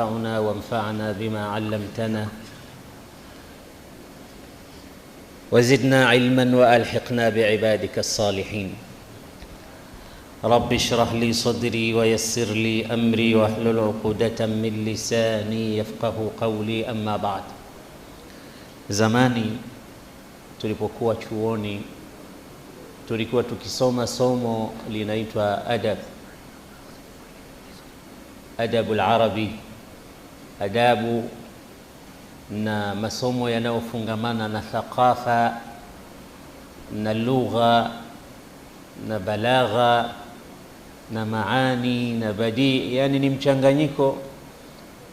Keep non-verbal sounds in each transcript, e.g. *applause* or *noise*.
وانفعنا وانفعنا بما علمتنا وزدنا علما والحقنا بعبادك الصالحين رب اشرح لي صدري ويسر لي امري واحلل العقودة من لساني يفقه قولي اما بعد زماني tulipokuwa chuoni تلقوا تكسوما صومو لنيتوا ادب ادب العربي adabu na masomo yanayofungamana na thaqafa na lugha na balagha na maani na badii, yani ni mchanganyiko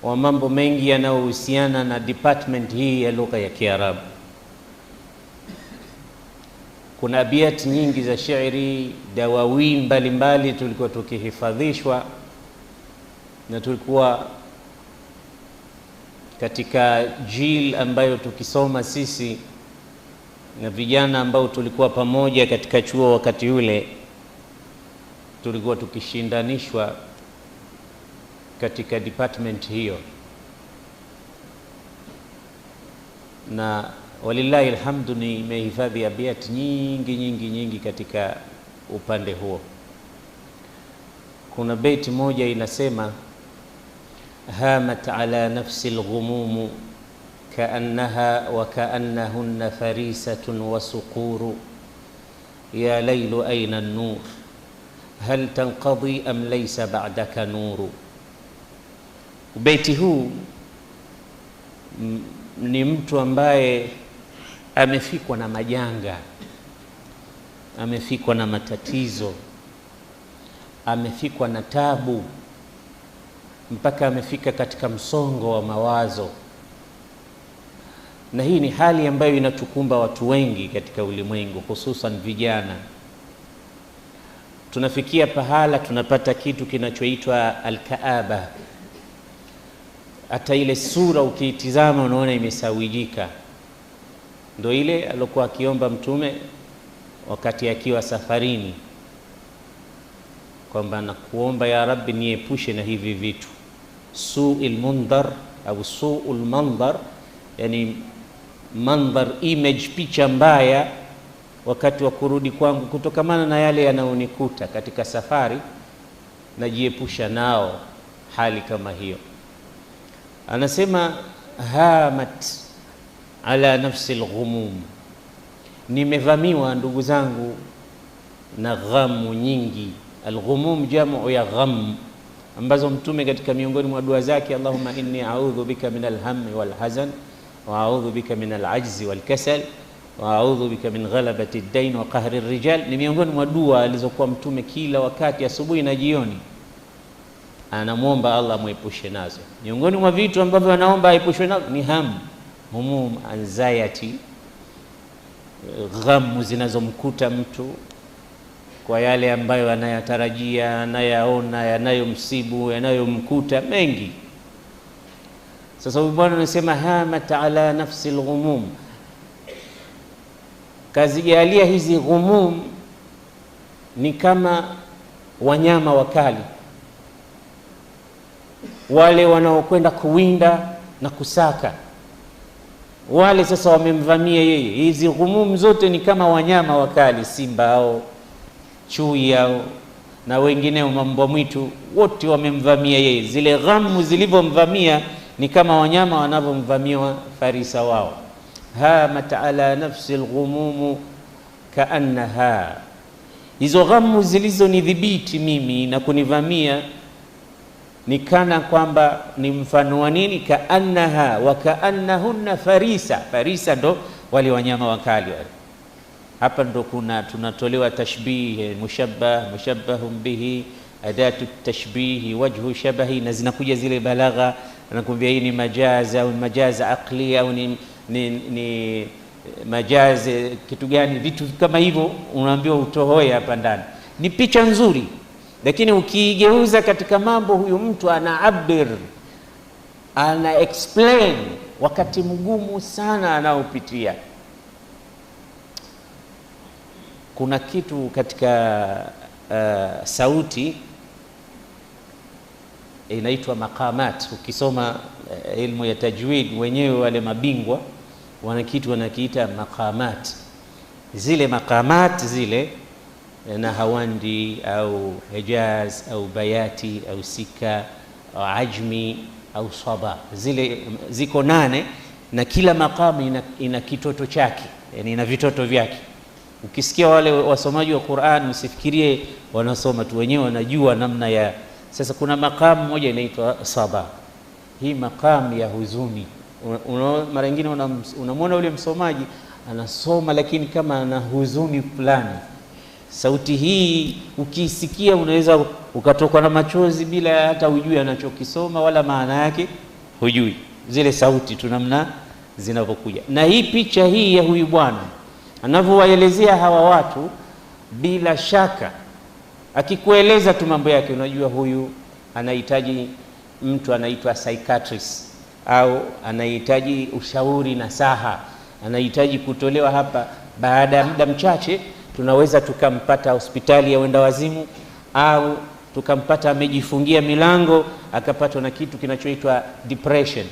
wa mambo mengi yanayohusiana na department hii ya lugha ya Kiarabu. Kuna abiati nyingi za shairi, dawawii mbalimbali tulikuwa tukihifadhishwa na tulikuwa katika jil ambayo tukisoma sisi na vijana ambao tulikuwa pamoja katika chuo wakati ule, tulikuwa tukishindanishwa katika department hiyo, na walillahi alhamdu, nimehifadhi abiat nyingi nyingi nyingi katika upande huo. Kuna beti moja inasema هامت على نفسي الغموم كأنها وكأنهن فريسة وسقور يا ليل أين النور هل تنقضي أم ليس بعدك نور Ubeti huu ni mtu ambaye amefikwa na majanga, amefikwa na matatizo, amefikwa na tabu mpaka amefika katika msongo wa mawazo, na hii ni hali ambayo inatukumba watu wengi katika ulimwengu, hususan vijana. Tunafikia pahala tunapata kitu kinachoitwa alkaaba. Hata ile sura ukiitizama, unaona imesawijika. Ndo ile aliokuwa akiomba Mtume wakati akiwa safarini, kwamba nakuomba ya Rabbi, niepushe na hivi vitu suu lmundhar au suu lmandhar, yani mandhar, image, picha mbaya wakati wa kurudi kwangu, kutokamana na yale yanayonikuta katika safari, najiepusha nao hali kama hiyo. Anasema hamat ala nafsi lghumum, nimevamiwa ndugu zangu na ghamu nyingi. Alghumum jamu ya ghamu ambazo mtume katika miongoni mwa dua zake, Allahumma inni a'udhu bika min alhammi walhazan wa a'udhu bika min alajzi walkasal wa a'udhu bika min ghalabati ad-dayn wa qahri rijal, ni miongoni mwa dua alizokuwa mtume kila wakati, asubuhi na jioni, anamwomba Allah amwepushe nazo. Miongoni mwa vitu ambavyo anaomba aepushwe nazo ni hamu, humum, anxiety, ghamu zinazomkuta mtu kwa yale ambayo anayatarajia, anayaona, yanayomsibu, yanayomkuta mengi. Sasa huyu bwana anasema hamat ala nafsi lghumum, kazijalia hizi ghumum ni kama wanyama wakali wale wanaokwenda kuwinda na kusaka wale sasa wamemvamia yeye. Hizi ghumum zote ni kama wanyama wakali, simba au chui yao na wengineo, mambo mwitu wote wamemvamia yeye. Zile ghamu zilivyomvamia ni kama wanyama wanavyomvamiwa farisa wao. hamat ala nafsi lghumumu kaannaha, hizo ghamu zilizonidhibiti mimi na kunivamia nikana kwamba ni mfano wa nini? kaannaha wa kaannahunna farisa, farisa ndo wale wanyama wakali wale hapa ndo kuna tunatolewa tashbihi, mushabbah, mushabbahum bihi, adatu tashbihi, wajhu shabahi, na zinakuja zile balagha, anakuambia hii ni majaz au majaza aqli au ni, ni, ni majaz kitu gani, vitu kama hivyo unaambiwa utohoe hapa ndani. Ni picha nzuri, lakini ukiigeuza katika mambo, huyu mtu ana abir, ana explain wakati mgumu sana anaopitia kuna kitu katika uh, sauti eh, inaitwa maqamat. Ukisoma uh, ilmu ya tajwid, wenyewe wale mabingwa wana kitu wanakiita maqamat. Zile maqamat zile Nahawandi au Hejaz au Bayati au Sika au Ajmi au Saba, zile ziko nane na kila maqamu ina, ina kitoto chake, yani ina vitoto vyake Ukisikia wale wasomaji wa Qur'an usifikirie wanasoma tu, wenyewe wanajua namna ya. Sasa kuna makamu moja inaitwa saba, hii makamu ya huzuni. Mara nyingine unamwona ule msomaji anasoma, lakini kama ana huzuni fulani. Sauti hii ukisikia, unaweza ukatokwa na machozi bila hata ujui anachokisoma wala maana yake hujui, zile sauti tu namna zinavyokuja. Na hii picha hii ya huyu bwana anavyowaelezea hawa watu, bila shaka akikueleza tu mambo yake unajua huyu anahitaji mtu anaitwa psychiatrist au anahitaji ushauri na saha, anahitaji kutolewa hapa. Baada ya muda mchache, tunaweza tukampata hospitali ya wenda wazimu au tukampata amejifungia milango akapatwa na kitu kinachoitwa depression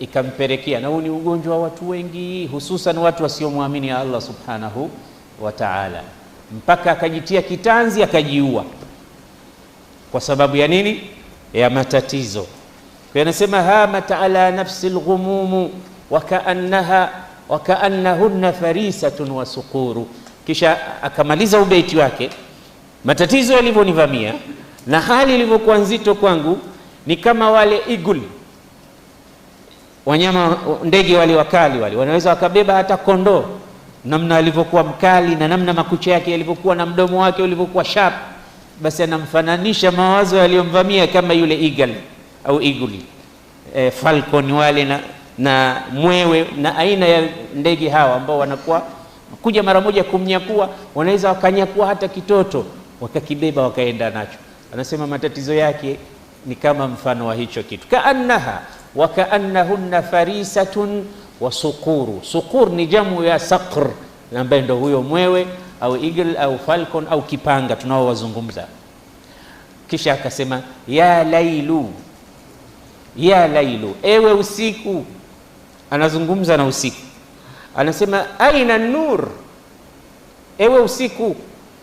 ikampelekea, na huu ni ugonjwa wa watu wengi, hususan watu wasiomwamini ya Allah subhanahu wa ta'ala, mpaka akajitia kitanzi akajiua kwa sababu ya nini? Ya matatizo. Kwa anasema hamat ala nafsi lghumumu wakaannaha wakaannahunna farisatun wa sukuru. Kisha akamaliza ubeiti wake, matatizo yalivyonivamia na hali ilivyokuwa nzito kwangu ni kama wale igul wanyama ndege wale wakali wale wanaweza wakabeba hata kondoo, namna alivyokuwa mkali na namna makucha yake yalivyokuwa na mdomo wake ulivyokuwa sharp, basi anamfananisha mawazo yaliyomvamia kama yule eagle au eagle e, falcon wale na, na mwewe na aina ya ndege hawa ambao wanakuwa kuja mara moja kumnyakua, wanaweza wakanyakua hata kitoto wakakibeba wakaenda nacho. Anasema matatizo yake ni kama mfano wa hicho kitu kaannaha kaannahunna farisatun wa suquru. Suqur ni jamu ya saqr, ambaye ndo huyo mwewe au eagle au falcon au kipanga tunaowazungumza. Kisha akasema ya lailu, ya lailu, ewe usiku. Anazungumza na usiku, anasema aina nur, ewe usiku,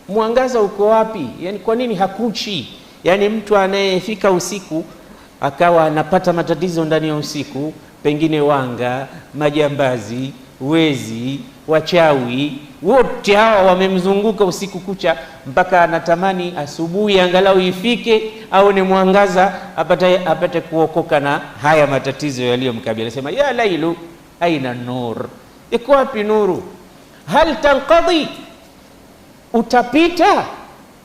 mwangaza uko wapi? Yani kwa nini hakuchi? Yani mtu anayefika usiku akawa anapata matatizo ndani ya usiku, pengine wanga, majambazi, wezi, wachawi wote hawa wamemzunguka usiku kucha, mpaka anatamani asubuhi angalau ifike aone mwangaza apate, apate kuokoka na haya matatizo yaliyomkabili. Anasema ya lailu aina nur, iko wapi nuru? Hal tanqadhi, utapita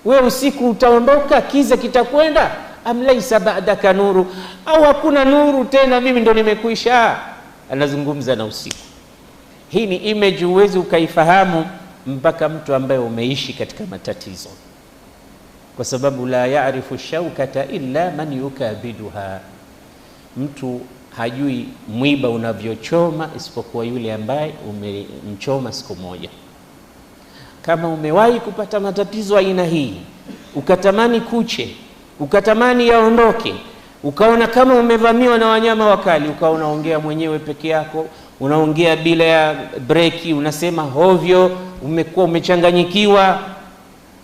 we usiku, utaondoka, kiza kitakwenda am laisa ba'daka nuru, au hakuna nuru tena, mimi ndo nimekwisha. Anazungumza na usiku. Hii ni image, huwezi ukaifahamu mpaka mtu ambaye umeishi katika matatizo, kwa sababu la yaarifu shaukata illa man yukabiduha, mtu hajui mwiba unavyochoma isipokuwa yule ambaye umemchoma siku moja. Kama umewahi kupata matatizo aina hii ukatamani kuche ukatamani yaondoke, ukaona kama umevamiwa na wanyama wakali, ukawa unaongea mwenyewe peke yako, unaongea bila ya breki, unasema hovyo, umekuwa umechanganyikiwa,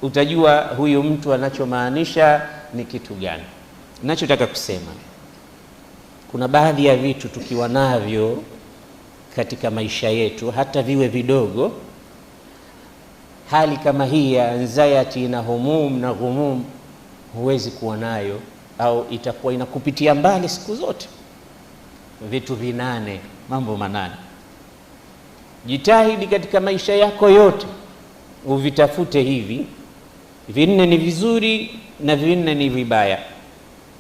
utajua huyu mtu anachomaanisha ni kitu gani. Ninachotaka kusema kuna baadhi ya vitu tukiwa navyo katika maisha yetu, hata viwe vidogo. Hali kama hii ya anxiety na humum na ghumum huwezi kuwa nayo au itakuwa inakupitia mbali siku zote. Vitu vinane, mambo manane, jitahidi katika maisha yako yote uvitafute hivi. Vinne ni vizuri na vinne ni vibaya.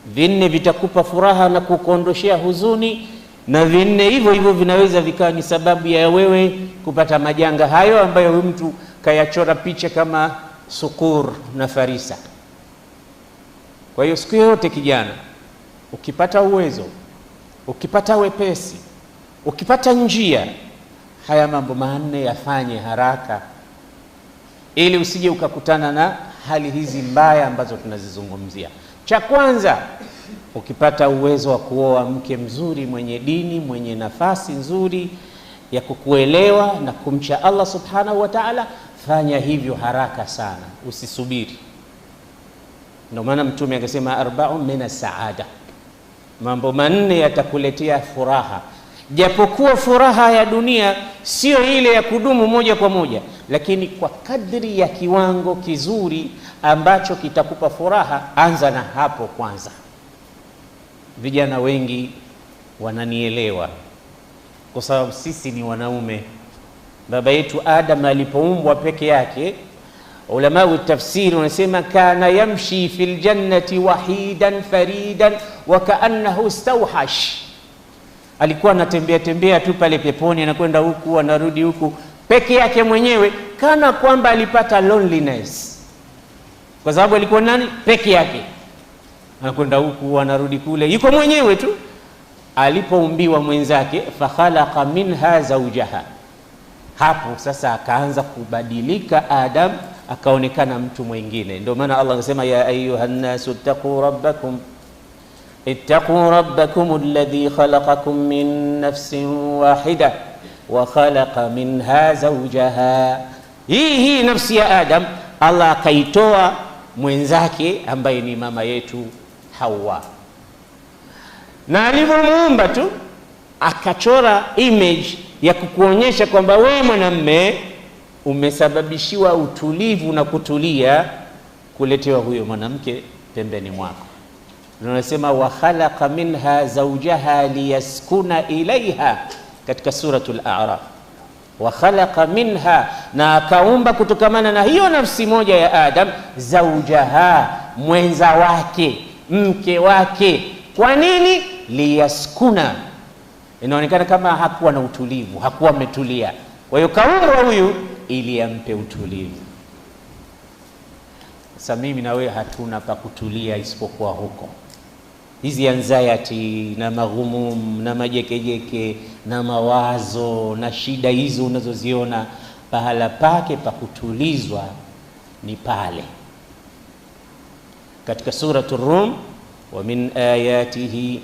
Vinne vitakupa furaha na kukuondoshea huzuni, na vinne hivyo hivyo vinaweza vikawa ni sababu ya wewe kupata majanga hayo ambayo mtu kayachora picha kama sukur na farisa. Kwa hiyo siku yoyote kijana, ukipata uwezo, ukipata wepesi, ukipata njia, haya mambo manne yafanye haraka, ili usije ukakutana na hali hizi mbaya ambazo tunazizungumzia. Cha kwanza, ukipata uwezo wa kuoa mke mzuri mwenye dini, mwenye nafasi nzuri ya kukuelewa na kumcha Allah subhanahu wa ta'ala, fanya hivyo haraka sana, usisubiri. Ndio maana Mtume akasema arbau min saada, mambo manne yatakuletea furaha. Japokuwa furaha ya dunia sio ile ya kudumu moja kwa moja, lakini kwa kadri ya kiwango kizuri ambacho kitakupa furaha, anza na hapo kwanza. Vijana wengi wananielewa kwa sababu sisi ni wanaume. Baba yetu Adam alipoumbwa peke yake Ulama wa tafsiri wanasema kana yamshi fi ljannati wahidan faridan wa kaannahu stawhash, alikuwa anatembea tembea tu pale peponi, anakwenda huku anarudi huku peke yake mwenyewe, kana kwamba alipata loneliness kwa sababu alikuwa nani peke yake, anakwenda huku anarudi kule, yuko mwenyewe tu. Alipoumbiwa mwenzake, fakhalaqa minha zaujaha, hapo sasa akaanza kubadilika Adam akaonekana mtu mwingine. Ndio maana Allah anasema ya ayuha nasu ittaquu rabbakum ittaquu rabbakum alladhi khalaqakum min nafsin wahida wa khalaqa minha zawjaha, hii hii nafsi ya Adam Allah akaitoa mwenzake ambaye ni mama yetu Hawa, na alivyomuumba tu akachora image ya kukuonyesha kwamba wewe mwanamme umesababishiwa utulivu na kutulia kuletewa huyo mwanamke pembeni mwako. Tunasema wa khalaqa minha zawjaha liyaskuna ilaiha katika suratul A'raf, wa khalaqa minha, na akaumba kutokamana na hiyo nafsi moja ya Adam zawjaha, mwenza wake, mke wake. Kwa nini? Liyaskuna, inaonekana kama hakuwa na utulivu, hakuwa ametulia. Kwa hiyo kaumba huyu ili ampe utulivu. Sasa mimi na wewe hatuna pa kutulia isipokuwa huko. Hizi anxiety na maghumum na majekejeke na mawazo na shida hizo unazoziona, pahala pake pa kutulizwa ni pale katika suratu Rum, wa min ayatihi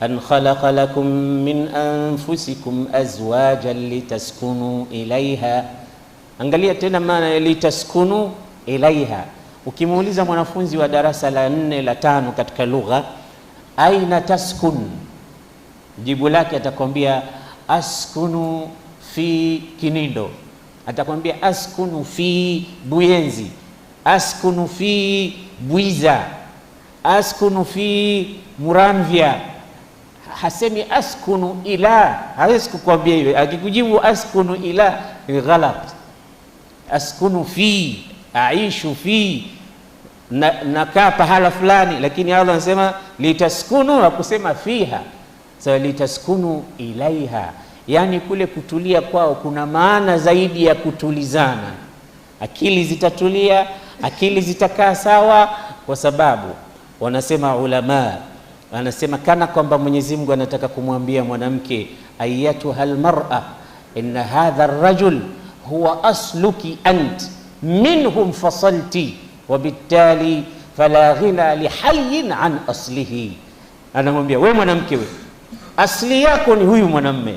an khalaqa lakum min anfusikum azwajan litaskunu ilaiha Angalia tena maana litaskunu ilaiha. Ukimuuliza mwanafunzi wa darasa la nne la tano katika lugha, aina taskun, jibu lake atakwambia askunu fi Kinindo, atakwambia askunu fi Buyenzi, askunu fi Bwiza, askunu fi Muramvya. Hasemi askunu ila, hawezi kukwambia hivyo. Akikujibu askunu ila ni ghalat askunu fi aishu fi nakaa na pahala fulani, lakini Allah anasema litaskunu, akusema fiha. Sasa so, litaskunu ilaiha, yani kule kutulia kwao kuna maana zaidi ya kutulizana. Akili zitatulia, akili zitakaa sawa, kwa sababu wanasema ulama anasema kana kwamba Mwenyezi Mungu anataka kumwambia mwanamke ayatuha almar'a inna hadha arrajul huwa asluki anti minhum fasalti wabittali fala ghina lihayin an aslihi. Anamwambia we mwanamke, we asli yako ni huyu mwanamme,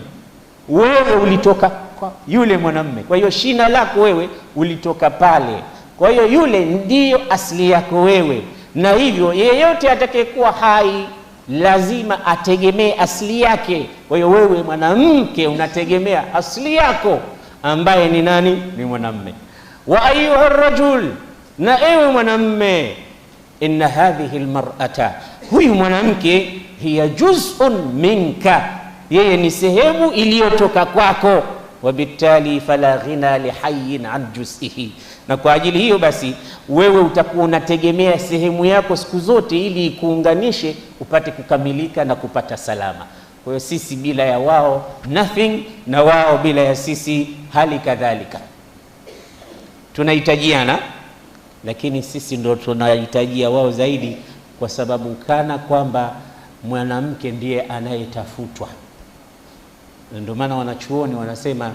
wewe ulitoka kwa yule mwanamme, kwa hiyo shina lako wewe ulitoka pale, kwa hiyo yule ndiyo asli yako wewe, na hivyo yeyote atakayekuwa hai lazima ategemee asili yake. Kwa hiyo wewe mwanamke unategemea asili yako ambaye ni nani? Ni mwanamme. Wa ayuha rajul, na ewe mwanamme, inna hadhihi lmarata huyu mwanamke, hiya juz'un minka, yeye ni sehemu iliyotoka kwako. Wabitali fala ghina lihayin an juz'ihi, na kwa ajili hiyo basi wewe utakuwa unategemea sehemu yako siku zote, ili ikuunganishe upate kukamilika na kupata salama. Kwa hiyo sisi bila ya wao nothing, na wao bila ya sisi hali kadhalika. Tunahitajiana, lakini sisi ndo tunahitajia wao zaidi, kwa sababu kana kwamba mwanamke ndiye anayetafutwa. Ndio maana wanachuoni wanasema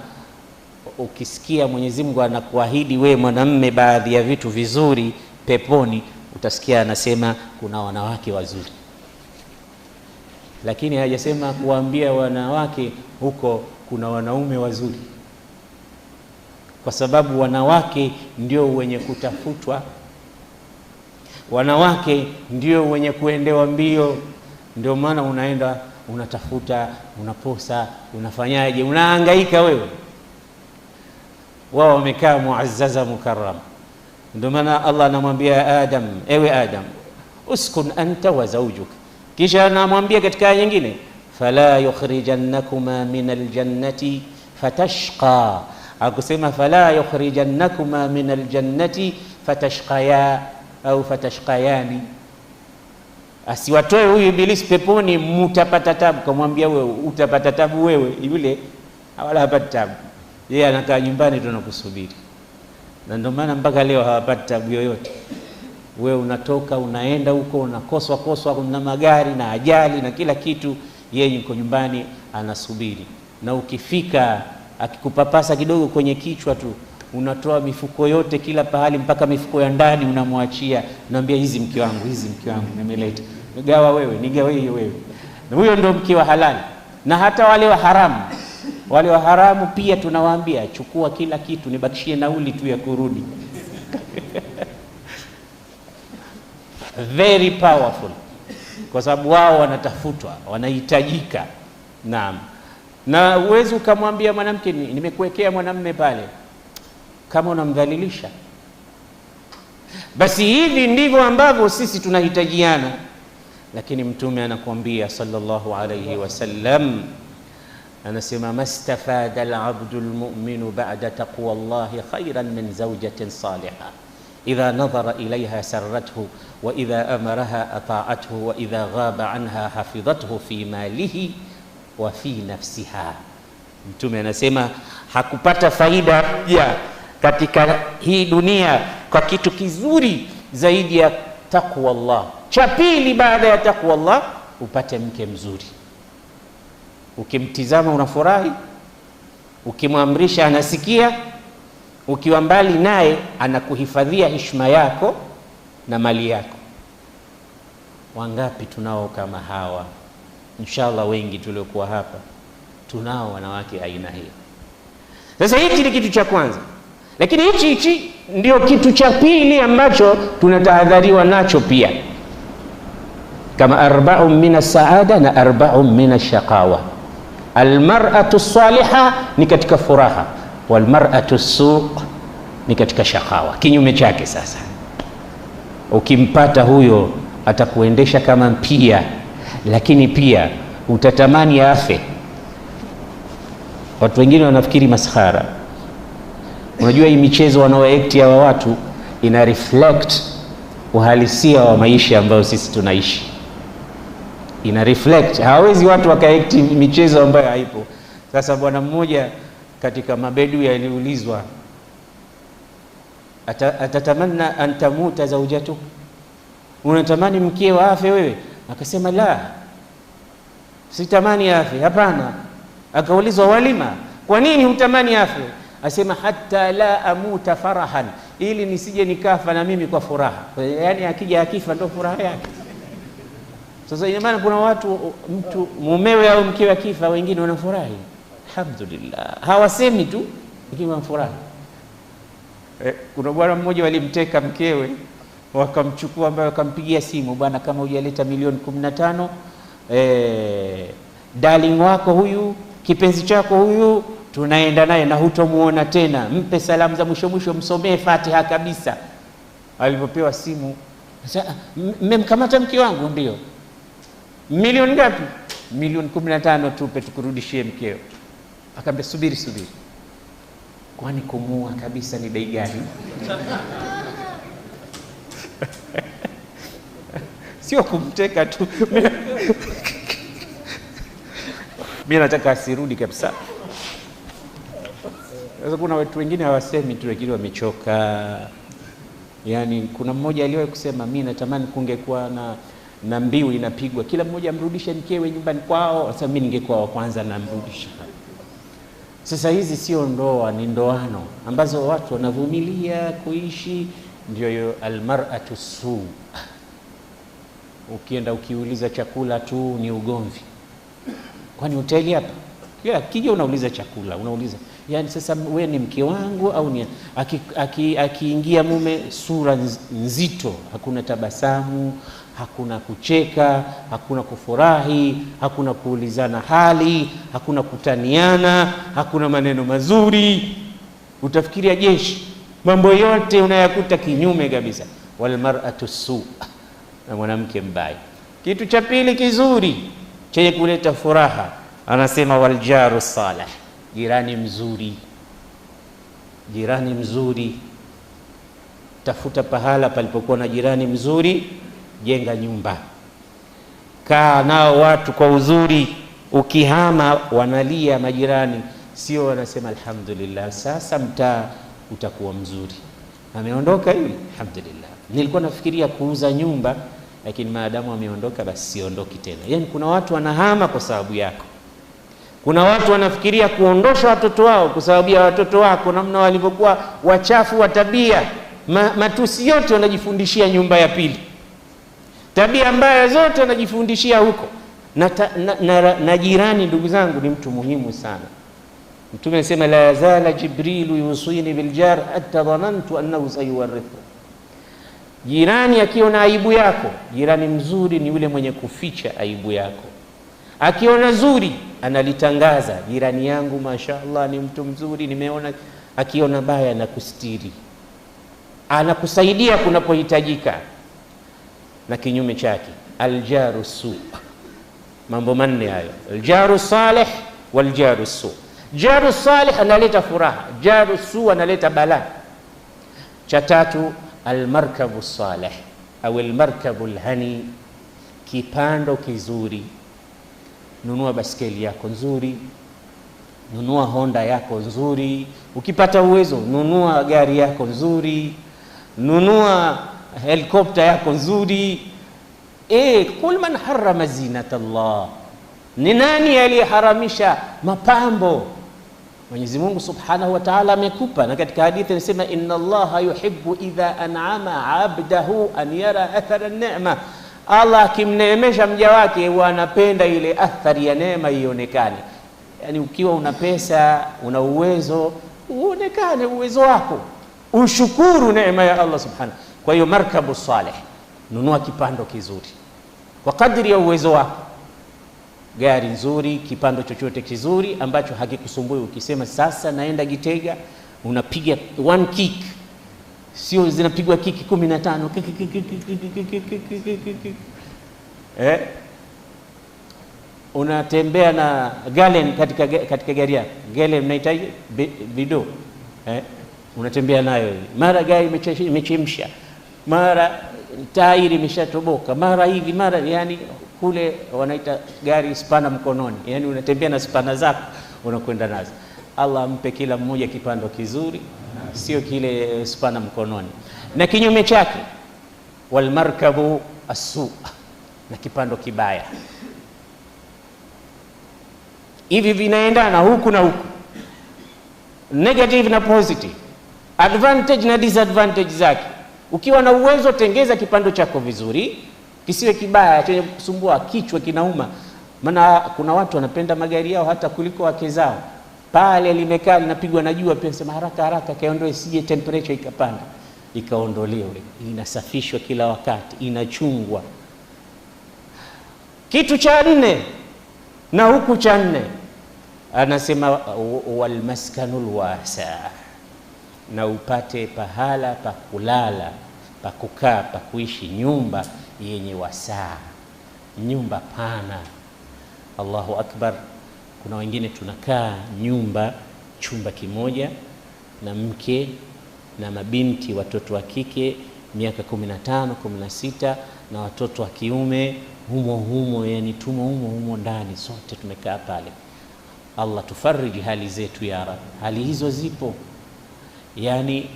ukisikia Mwenyezi Mungu anakuahidi we mwanamme baadhi ya vitu vizuri peponi, utasikia anasema kuna wanawake wazuri lakini hajasema kuwaambia wanawake huko kuna wanaume wazuri, kwa sababu wanawake ndio wenye kutafutwa, wanawake ndio wenye kuendewa mbio. Ndio maana unaenda unatafuta, unaposa, unafanyaje, unaangaika wewe, wao wamekaa muazzaza mukarrama. Ndio maana Allah anamwambia Adam, ewe Adam, uskun anta wa zaujuka kisha namwambia katika aya nyingine, fala yukhrijannakuma min aljannati fatashqa, akusema fala yukhrijannakuma min aljannati fatashqaya au fatashqayani, asiwatoe huyu ibilisi peponi, mutapata tabu. Kamwambia wewe utapata tabu wewe, yule wala hapati tabu yeye, anakaa nyumbani tunakusubiri, na ndio maana mpaka leo hawapati tabu yoyote wewe unatoka unaenda huko unakoswa koswa na magari na ajali na kila kitu, yeye yuko nyumbani anasubiri. Na ukifika akikupapasa kidogo kwenye kichwa tu, unatoa mifuko yote kila pahali, mpaka mifuko ya ndani unamwachia, unamwambia hizi mke wangu, hizi mke wangu nimeleta, gawa wewe, hiyo wewe. Huyo ndio mke wa halali. Na hata wale wa haramu, wale wa haramu pia tunawaambia, chukua kila kitu, nibakishie nauli tu ya kurudi *laughs* very powerful, kwa sababu wao wanatafutwa, wanahitajika. Naam, na uwezi ukamwambia mwanamke, nimekuwekea mwanamme pale, kama unamdhalilisha. Basi hivi ndivyo ambavyo sisi tunahitajiana, lakini Mtume anakuambia sallallahu alayhi wasallam, anasema mastafada alabdu lmuminu bada taqwa llahi khairan min zaujatin saliha idha nadhara ilaiha sarathu wa idha amaraha ata'athu wa idha ghaba anha hafidhathu fi malihi wa fi nafsiha. Mtume anasema hakupata faida moja katika hii dunia kwa kitu kizuri zaidi ya takwa Allah. Cha pili baada ya takwa Allah upate mke mzuri. Ukimtizama unafurahi, ukimwamrisha anasikia ukiwa mbali naye anakuhifadhia heshima yako na mali yako. Wangapi tunao kama hawa? Inshallah, wengi tuliokuwa hapa tunao wanawake aina hiyo. Sasa hichi ni kitu cha kwanza, lakini hichi hichi ndio kitu cha pili ambacho tunatahadhariwa nacho pia, kama arbau min saada na arbau min shaqawa. Almar'atu saliha ni katika furaha walmar'atu suq ni katika shakawa, kinyume chake. Sasa ukimpata huyo atakuendesha kama mpia, lakini pia utatamani afe. Watu wengine wanafikiri maskhara. Unajua, hii michezo wanaoact hawa watu ina reflect uhalisia wa maisha ambayo sisi tunaishi, ina reflect. Hawawezi watu wakaact michezo ambayo haipo. Sasa bwana mmoja katika mabedu yaliulizwa, atatamanna antamuta zaujatu unatamani unatamani wa afe wewe? Akasema la, sitamani afe, hapana. Akaulizwa walima, kwa nini hutamani afe? Asema hata la amuta farahan, ili nisije nikafa na mimi kwa furaha. Yani akija akifa ndo furaha yake. Sasa ina maana kuna watu, mtu mumewe au mkewe akifa, wengine wanafurahi alhamdulillah. Hawasemi tu lakini wanafurahi. Eh, kuna bwana mmoja walimteka mkewe wakamchukua, ambaye wakampigia simu, bwana, kama hujaleta milioni kumi na tano eh, darling wako huyu kipenzi chako huyu tunaenda naye na hutomuona tena, mpe salamu za mwisho mwisho, msomee Fatiha kabisa. Alipopewa simu, mmemkamata mke wangu? Ndio. Milioni ngapi? Milioni kumi na tano, tupe tukurudishie mkeo. Akaambia subiri, subiri, kwani kumua kabisa ni bei gani? *laughs* sio kumteka tu *laughs* mi nataka asirudi kabisa. Sasa kuna watu wengine hawasemi tu, lakini wamechoka. Yani, kuna mmoja aliwahi kusema mi natamani kungekuwa na na mbiu inapigwa, kila mmoja amrudishe mkewe nyumbani kwao. Sasa mi ningekuwa wa kwanza namrudisha. Sasa hizi sio ndoa, ni ndoano ambazo watu wanavumilia kuishi, ndio hiyo almar'atu su. Ukienda ukiuliza chakula tu ni ugomvi, kwani hoteli hapa kila kija unauliza chakula, unauliza yani, sasa we ni mke wangu au ni akiingia aki, aki mume sura nzito, hakuna tabasamu hakuna kucheka, hakuna kufurahi, hakuna kuulizana hali, hakuna kutaniana, hakuna maneno mazuri. Utafikiria jeshi, mambo yote unayakuta kinyume kabisa. Walmar'atu su, na mwanamke mbaya. Kitu cha pili kizuri chenye kuleta furaha, anasema waljaru salih, jirani mzuri. Jirani mzuri, tafuta pahala palipokuwa na jirani mzuri jenga nyumba, kaa nao watu kwa uzuri. Ukihama wanalia majirani, sio wanasema alhamdulillah, sasa mtaa utakuwa mzuri, ameondoka yule, alhamdulillah. Nilikuwa nafikiria kuuza nyumba, lakini maadamu ameondoka, basi siondoki tena. Yani kuna watu wanahama kwa sababu yako. Kuna watu wanafikiria kuondosha watoto wao kwa sababu ya watoto wako, namna walivyokuwa wachafu wa tabia, matusi yote wanajifundishia nyumba ya pili. Tabia mbaya zote anajifundishia huko na, ta, na, na, na jirani. Ndugu zangu ni mtu muhimu sana. Mtume anasema la zala Jibrilu yusini biljar hatta dhanantu annahu sayuwarithu. Jirani akiona aibu yako, jirani mzuri ni yule mwenye kuficha aibu yako. Akiona zuri analitangaza, jirani yangu mashaallah, ni mtu mzuri, nimeona. Akiona baya anakustiri, anakusaidia kunapohitajika na kinyume chake aljaru su. Mambo manne hayo, aljaru salih waljaru su. Jaru salih analeta furaha, jaru su analeta balaa. Cha tatu almarkabu salih au almarkabu lhani, kipando kizuri. Nunua baskeli yako nzuri, nunua honda yako nzuri, ukipata uwezo nunua gari yako nzuri, nunua helikopta yako nzuri e, kul man harama zinata Allah, ni nani aliyeharamisha mapambo? Mwenyezi Mungu subhanahu wa taala amekupa, na katika hadithi anasema inna Allaha yuhibbu idha an'ama abdahu an yara athara neema, Allah akimneemesha mja wake wanapenda ile athari ya neema ionekane. Yani ukiwa una pesa, una uwezo, uonekane uwezo wako, ushukuru neema ya Allah subhanahu Kwa hiyo markabu saleh, nunua kipando kizuri kwa kadri ya uwezo wako, gari nzuri, kipando chochote kizuri ambacho hakikusumbui. Ukisema sasa naenda Gitega, unapiga one kick, sio zinapigwa kiki kumi na tano eh? Unatembea na galen katika, katika gari yako galen mnaitaje bido eh? Unatembea nayo mara gari imechemsha mara tairi imeshatoboka, mara hivi mara yani, kule wanaita gari spana mkononi, yani unatembea na spana zako unakwenda nazo. Allah ampe kila mmoja kipando kizuri, sio kile spana mkononi. Na kinyume chake, walmarkabu asu, na kipando kibaya. Hivi vinaendana huku na huku, negative na positive, advantage na disadvantage zake ukiwa na uwezo, tengeza kipando chako vizuri, kisiwe kibaya chenye kusumbua kichwa, kinauma. Maana kuna watu wanapenda magari yao hata kuliko wake zao. Pale limekaa linapigwa na jua, pia sema haraka haraka kaondoe, sije temperature ikapanda. Ikaondolewe, inasafishwa kila wakati, inachungwa. Kitu cha nne na huku cha nne anasema walmaskanul wasa na upate pahala pa kulala, pa kukaa, pa kuishi, nyumba yenye wasaa, nyumba pana. Allahu akbar! Kuna wengine tunakaa nyumba chumba kimoja na mke na mabinti, watoto wa kike miaka 15 16 na watoto wa kiume humo humo, yani tumo humo humo ndani, sote tumekaa pale. Allah tufariji hali zetu ya Rabb. Hali hizo zipo yani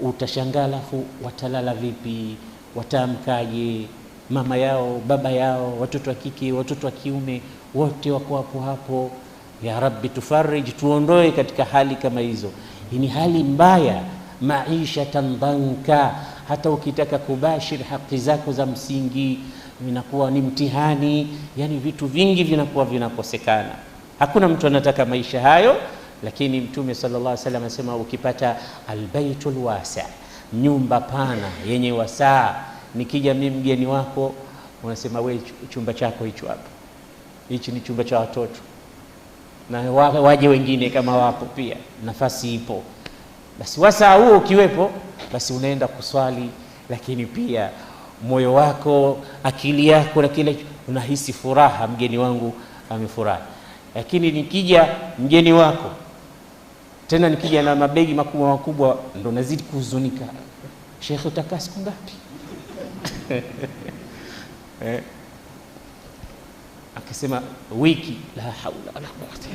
utashangaa, alafu watalala vipi, wataamkaje? Mama yao baba yao, watoto wa kike, watoto wa kiume, wote wako hapo hapo. Ya Rabbi, tufarij, tuondoe katika hali kama hizo. Ni hali mbaya, maishatan dhanka. Hata ukitaka kubashir haki zako za msingi vinakuwa ni mtihani, yani vitu vingi vinakuwa vinakosekana. Hakuna mtu anataka maisha hayo. Lakini Mtume sallallahu alaihi wasallam anasema ukipata albaitul wasi, nyumba pana yenye wasaa, nikija mimi mgeni wako, unasema we, chumba chako hicho hapo hichi ni chumba cha watoto na waje wengine kama wapo pia, nafasi ipo. Basi wasaa huo ukiwepo, basi unaenda kuswali, lakini pia moyo wako, akili yako na kile unahisi furaha, mgeni wangu amefurahi. Lakini nikija mgeni wako tena nikija na mabegi makubwa makubwa ndo nazidi kuhuzunika. Shekhe, utakaa siku ngapi? *laughs* eh. akisema wiki. La haula wala quwwata.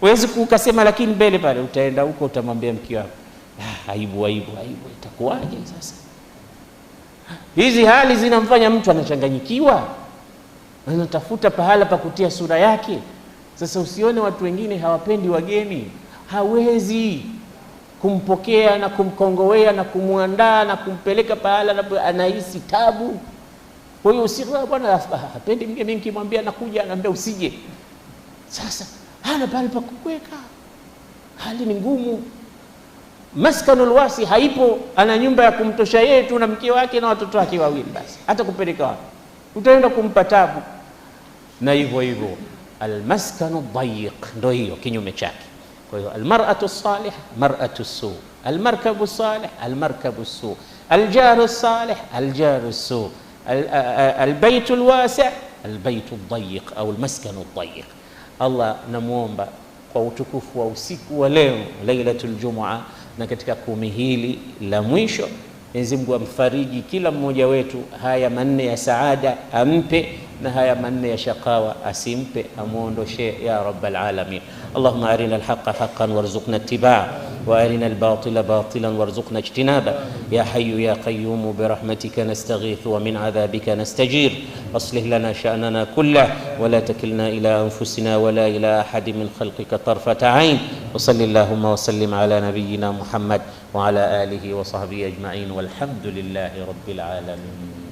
Huwezi ukasema lakini mbele pale utaenda huko utamwambia mke wako ah, aibu aibu aibu, itakuwaje sasa? Hizi hali zinamfanya mtu anachanganyikiwa, anatafuta pahala pa kutia sura yake. Sasa usione watu wengine hawapendi wageni hawezi kumpokea na kumkongowea na kumwandaa na kumpeleka pahala, na anahisi tabu. Kwa hiyo usiku ah, bwana ah, ah, hapendi mge, mimi nikimwambia nakuja, anaambia usije. Sasa hana pale pa kukweka, hali ni ngumu, maskanul wasi haipo, ana nyumba ya kumtosha yeye tu na mke wake na watoto wake wawili, basi hata kupeleka wapi utaenda kumpa tabu. Na hivyo hivyo almaskanu dayiq, ndio hiyo kinyume chake المرأة الصالحة مرأة السوء المركب الصالح المركب السوء الجار الصالح الجار السوء البيت الواسع البيت الضيق أو المسكن الضيق الله نموم قوتكف ووسيك وليم ليلة الجمعة نكتك كمهيلي لمويشو ينزم فريجي كلا موجا ويتو هاي من يا سعادة أمبي نهاية من manne ya shakawa شيء يا رب العالمين اللهم أرنا الحق حقا وارزقنا warzuqna وارنا الباطل باطلا وارزقنا اجتنابه يا حي يا قيوم برحمتك نستغيث ومن عذابك نستجير اصلح لنا شاننا كله ولا تكلنا الى انفسنا ولا الى احد من خلقك طرفه عين وصل اللهم وسلم على نبينا محمد وعلى اله وصحبه اجمعين والحمد لله رب العالمين